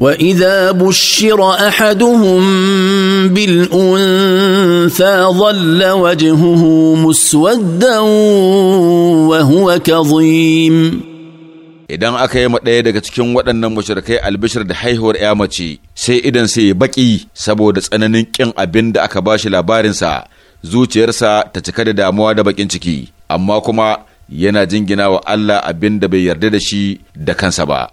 واذا بشر احدهم بالانثى ظل وجهه مسودا وهو كظيم idan aka yi ɗaya daga cikin waɗannan mushrikai albishir da haihuwar ya mace sai idan sai ya baƙi saboda tsananin ƙin abin da aka bashi labarinsa zuciyarsa ta cika da damuwa da baƙin ciki amma kuma yana jingina wa Allah abin da bai yarda da shi da kansa ba